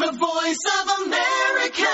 The Voice of America.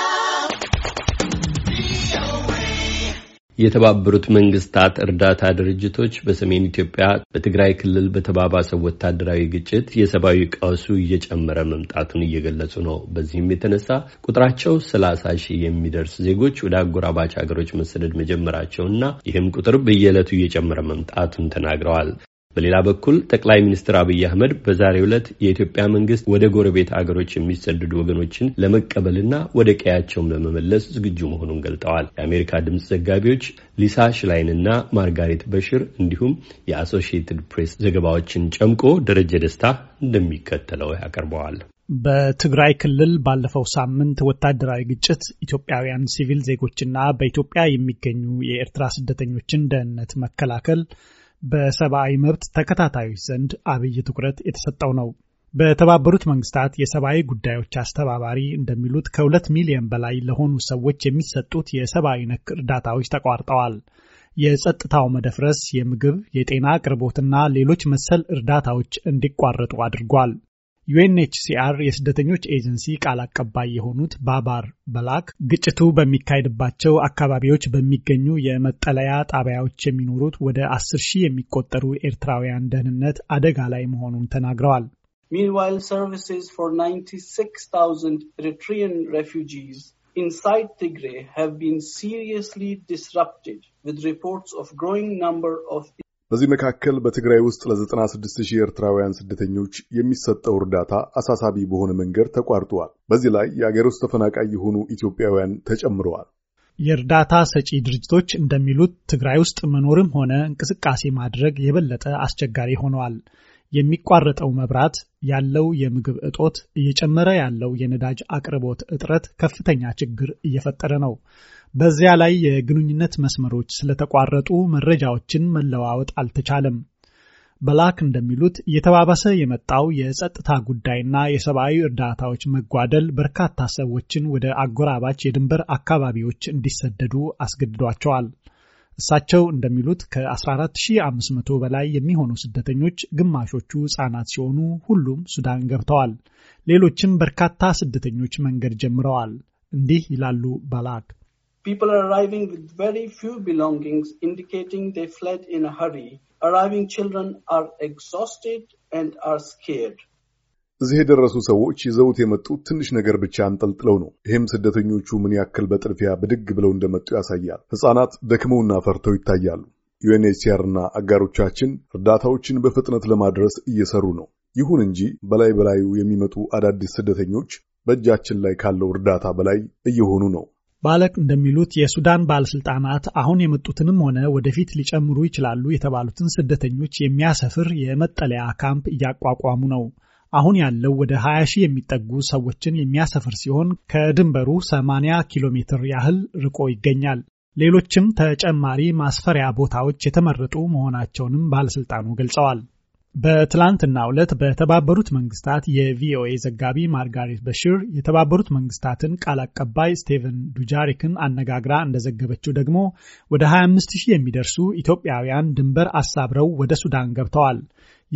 የተባበሩት መንግስታት እርዳታ ድርጅቶች በሰሜን ኢትዮጵያ በትግራይ ክልል በተባባሰው ወታደራዊ ግጭት የሰብአዊ ቀውሱ እየጨመረ መምጣቱን እየገለጹ ነው። በዚህም የተነሳ ቁጥራቸው 30 ሺህ የሚደርስ ዜጎች ወደ አጎራባች ሀገሮች መሰደድ መጀመራቸውና ይህም ቁጥር በየዕለቱ እየጨመረ መምጣቱን ተናግረዋል። በሌላ በኩል ጠቅላይ ሚኒስትር አብይ አህመድ በዛሬ ዕለት የኢትዮጵያ መንግስት ወደ ጎረቤት አገሮች የሚሰደዱ ወገኖችን ለመቀበልና ወደ ቀያቸውም ለመመለስ ዝግጁ መሆኑን ገልጠዋል። የአሜሪካ ድምፅ ዘጋቢዎች ሊሳ ሽላይንና ማርጋሬት በሽር እንዲሁም የአሶሺየትድ ፕሬስ ዘገባዎችን ጨምቆ ደረጀ ደስታ እንደሚከተለው ያቀርበዋል። በትግራይ ክልል ባለፈው ሳምንት ወታደራዊ ግጭት ኢትዮጵያውያን ሲቪል ዜጎችና በኢትዮጵያ የሚገኙ የኤርትራ ስደተኞችን ደህንነት መከላከል በሰብአዊ መብት ተከታታዮች ዘንድ አብይ ትኩረት የተሰጠው ነው። በተባበሩት መንግስታት የሰብአዊ ጉዳዮች አስተባባሪ እንደሚሉት ከሁለት ሚሊዮን በላይ ለሆኑ ሰዎች የሚሰጡት የሰብአዊ ነክ እርዳታዎች ተቋርጠዋል። የጸጥታው መደፍረስ የምግብ፣ የጤና አቅርቦትና ሌሎች መሰል እርዳታዎች እንዲቋረጡ አድርጓል። ዩኤንኤችሲአር የስደተኞች ኤጀንሲ ቃል አቀባይ የሆኑት ባባር በላክ ግጭቱ በሚካሄድባቸው አካባቢዎች በሚገኙ የመጠለያ ጣቢያዎች የሚኖሩት ወደ አስር ሺህ የሚቆጠሩ ኤርትራውያን ደህንነት አደጋ ላይ መሆኑን ተናግረዋል። ሚንዋይል ሰርቪስስ ፎር 96000 ኤሪትሪያን ሬፊጂስ ኢንሳይድ ትግሬ ሃቭ ቢን ሲሪየስሊ ዲስራፕትድ ዊዝ ሪፖርትስ ኦፍ ግሮዊንግ ነምበር ኦፍ በዚህ መካከል በትግራይ ውስጥ ለ96 ሺህ ኤርትራውያን ስደተኞች የሚሰጠው እርዳታ አሳሳቢ በሆነ መንገድ ተቋርጧል። በዚህ ላይ የአገር ውስጥ ተፈናቃይ የሆኑ ኢትዮጵያውያን ተጨምረዋል። የእርዳታ ሰጪ ድርጅቶች እንደሚሉት ትግራይ ውስጥ መኖርም ሆነ እንቅስቃሴ ማድረግ የበለጠ አስቸጋሪ ሆነዋል። የሚቋረጠው መብራት፣ ያለው የምግብ እጦት፣ እየጨመረ ያለው የነዳጅ አቅርቦት እጥረት ከፍተኛ ችግር እየፈጠረ ነው። በዚያ ላይ የግንኙነት መስመሮች ስለተቋረጡ መረጃዎችን መለዋወጥ አልተቻለም። በላክ እንደሚሉት እየተባባሰ የመጣው የጸጥታ ጉዳይና የሰብአዊ እርዳታዎች መጓደል በርካታ ሰዎችን ወደ አጎራባች የድንበር አካባቢዎች እንዲሰደዱ አስገድዷቸዋል። እሳቸው እንደሚሉት ከ14500 በላይ የሚሆኑ ስደተኞች ግማሾቹ ሕፃናት ሲሆኑ ሁሉም ሱዳን ገብተዋል። ሌሎችም በርካታ ስደተኞች መንገድ ጀምረዋል። እንዲህ ይላሉ ባላክ። arriving children are exhausted and are scared. እዚህ የደረሱ ሰዎች ይዘውት የመጡት ትንሽ ነገር ብቻ አንጠልጥለው ነው። ይህም ስደተኞቹ ምን ያክል በጥድፊያ ብድግ ብለው እንደመጡ ያሳያል። ሕፃናት ደክመውና ፈርተው ይታያሉ። ዩኤንኤችሲአር እና አጋሮቻችን እርዳታዎችን በፍጥነት ለማድረስ እየሰሩ ነው። ይሁን እንጂ በላይ በላዩ የሚመጡ አዳዲስ ስደተኞች በእጃችን ላይ ካለው እርዳታ በላይ እየሆኑ ነው። ባለቅ እንደሚሉት የሱዳን ባለስልጣናት አሁን የመጡትንም ሆነ ወደፊት ሊጨምሩ ይችላሉ የተባሉትን ስደተኞች የሚያሰፍር የመጠለያ ካምፕ እያቋቋሙ ነው። አሁን ያለው ወደ 20 ሺህ የሚጠጉ ሰዎችን የሚያሰፍር ሲሆን ከድንበሩ 80 ኪሎ ሜትር ያህል ርቆ ይገኛል። ሌሎችም ተጨማሪ ማስፈሪያ ቦታዎች የተመረጡ መሆናቸውንም ባለሥልጣኑ ገልጸዋል። በትላንትናው ዕለት በተባበሩት መንግስታት የቪኦኤ ዘጋቢ ማርጋሬት በሽር የተባበሩት መንግስታትን ቃል አቀባይ ስቴቨን ዱጃሪክን አነጋግራ እንደዘገበችው ደግሞ ወደ 25 ሺህ የሚደርሱ ኢትዮጵያውያን ድንበር አሳብረው ወደ ሱዳን ገብተዋል።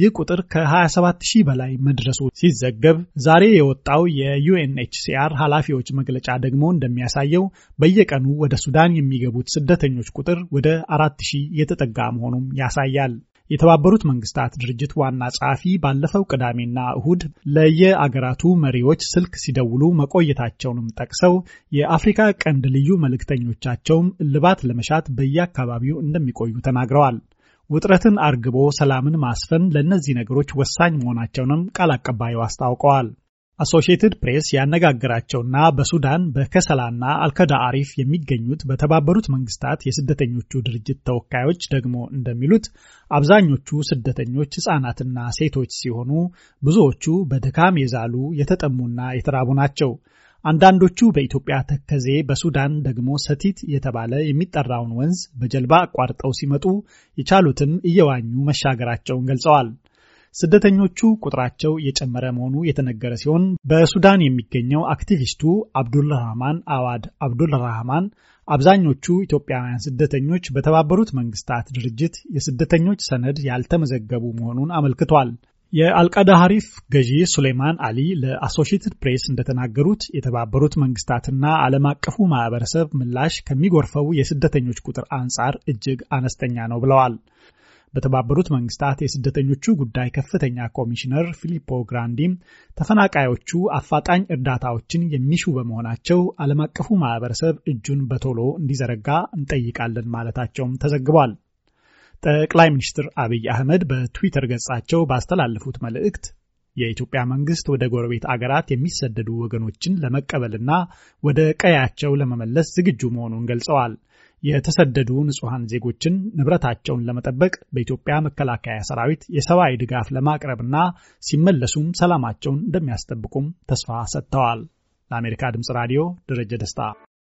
ይህ ቁጥር ከ27 ሺህ በላይ መድረሱ ሲዘገብ ዛሬ የወጣው የዩኤንኤችሲአር ኃላፊዎች መግለጫ ደግሞ እንደሚያሳየው በየቀኑ ወደ ሱዳን የሚገቡት ስደተኞች ቁጥር ወደ 4 ሺህ የተጠጋ መሆኑም ያሳያል። የተባበሩት መንግስታት ድርጅት ዋና ጸሐፊ ባለፈው ቅዳሜና እሁድ ለየአገራቱ መሪዎች ስልክ ሲደውሉ መቆየታቸውንም ጠቅሰው የአፍሪካ ቀንድ ልዩ መልእክተኞቻቸውም እልባት ለመሻት በየአካባቢው እንደሚቆዩ ተናግረዋል። ውጥረትን አርግቦ ሰላምን ማስፈን ለእነዚህ ነገሮች ወሳኝ መሆናቸውንም ቃል አቀባዩ አስታውቀዋል። አሶሽየትድ ፕሬስ ያነጋገራቸውና በሱዳን በከሰላና አልከዳ አሪፍ የሚገኙት በተባበሩት መንግስታት የስደተኞቹ ድርጅት ተወካዮች ደግሞ እንደሚሉት አብዛኞቹ ስደተኞች ህጻናትና ሴቶች ሲሆኑ ብዙዎቹ በድካም የዛሉ የተጠሙና የተራቡ ናቸው። አንዳንዶቹ በኢትዮጵያ ተከዜ፣ በሱዳን ደግሞ ሰቲት የተባለ የሚጠራውን ወንዝ በጀልባ አቋርጠው ሲመጡ የቻሉትን እየዋኙ መሻገራቸውን ገልጸዋል። ስደተኞቹ ቁጥራቸው የጨመረ መሆኑ የተነገረ ሲሆን በሱዳን የሚገኘው አክቲቪስቱ አብዱልራህማን አዋድ አብዱልራህማን አብዛኞቹ ኢትዮጵያውያን ስደተኞች በተባበሩት መንግስታት ድርጅት የስደተኞች ሰነድ ያልተመዘገቡ መሆኑን አመልክቷል። የአልቃዳ ሀሪፍ ገዢ ሱሌይማን አሊ ለአሶሽትድ ፕሬስ እንደተናገሩት የተባበሩት መንግስታትና ዓለም አቀፉ ማህበረሰብ ምላሽ ከሚጎርፈው የስደተኞች ቁጥር አንጻር እጅግ አነስተኛ ነው ብለዋል። በተባበሩት መንግስታት የስደተኞቹ ጉዳይ ከፍተኛ ኮሚሽነር ፊሊፖ ግራንዲም ተፈናቃዮቹ አፋጣኝ እርዳታዎችን የሚሹ በመሆናቸው ዓለም አቀፉ ማህበረሰብ እጁን በቶሎ እንዲዘረጋ እንጠይቃለን ማለታቸውም ተዘግቧል። ጠቅላይ ሚኒስትር አብይ አህመድ በትዊተር ገጻቸው ባስተላለፉት መልእክት የኢትዮጵያ መንግስት ወደ ጎረቤት አገራት የሚሰደዱ ወገኖችን ለመቀበልና ወደ ቀያቸው ለመመለስ ዝግጁ መሆኑን ገልጸዋል። የተሰደዱ ንጹሐን ዜጎችን ንብረታቸውን ለመጠበቅ በኢትዮጵያ መከላከያ ሰራዊት የሰብአዊ ድጋፍ ለማቅረብና ሲመለሱም ሰላማቸውን እንደሚያስጠብቁም ተስፋ ሰጥተዋል። ለአሜሪካ ድምፅ ራዲዮ ደረጀ ደስታ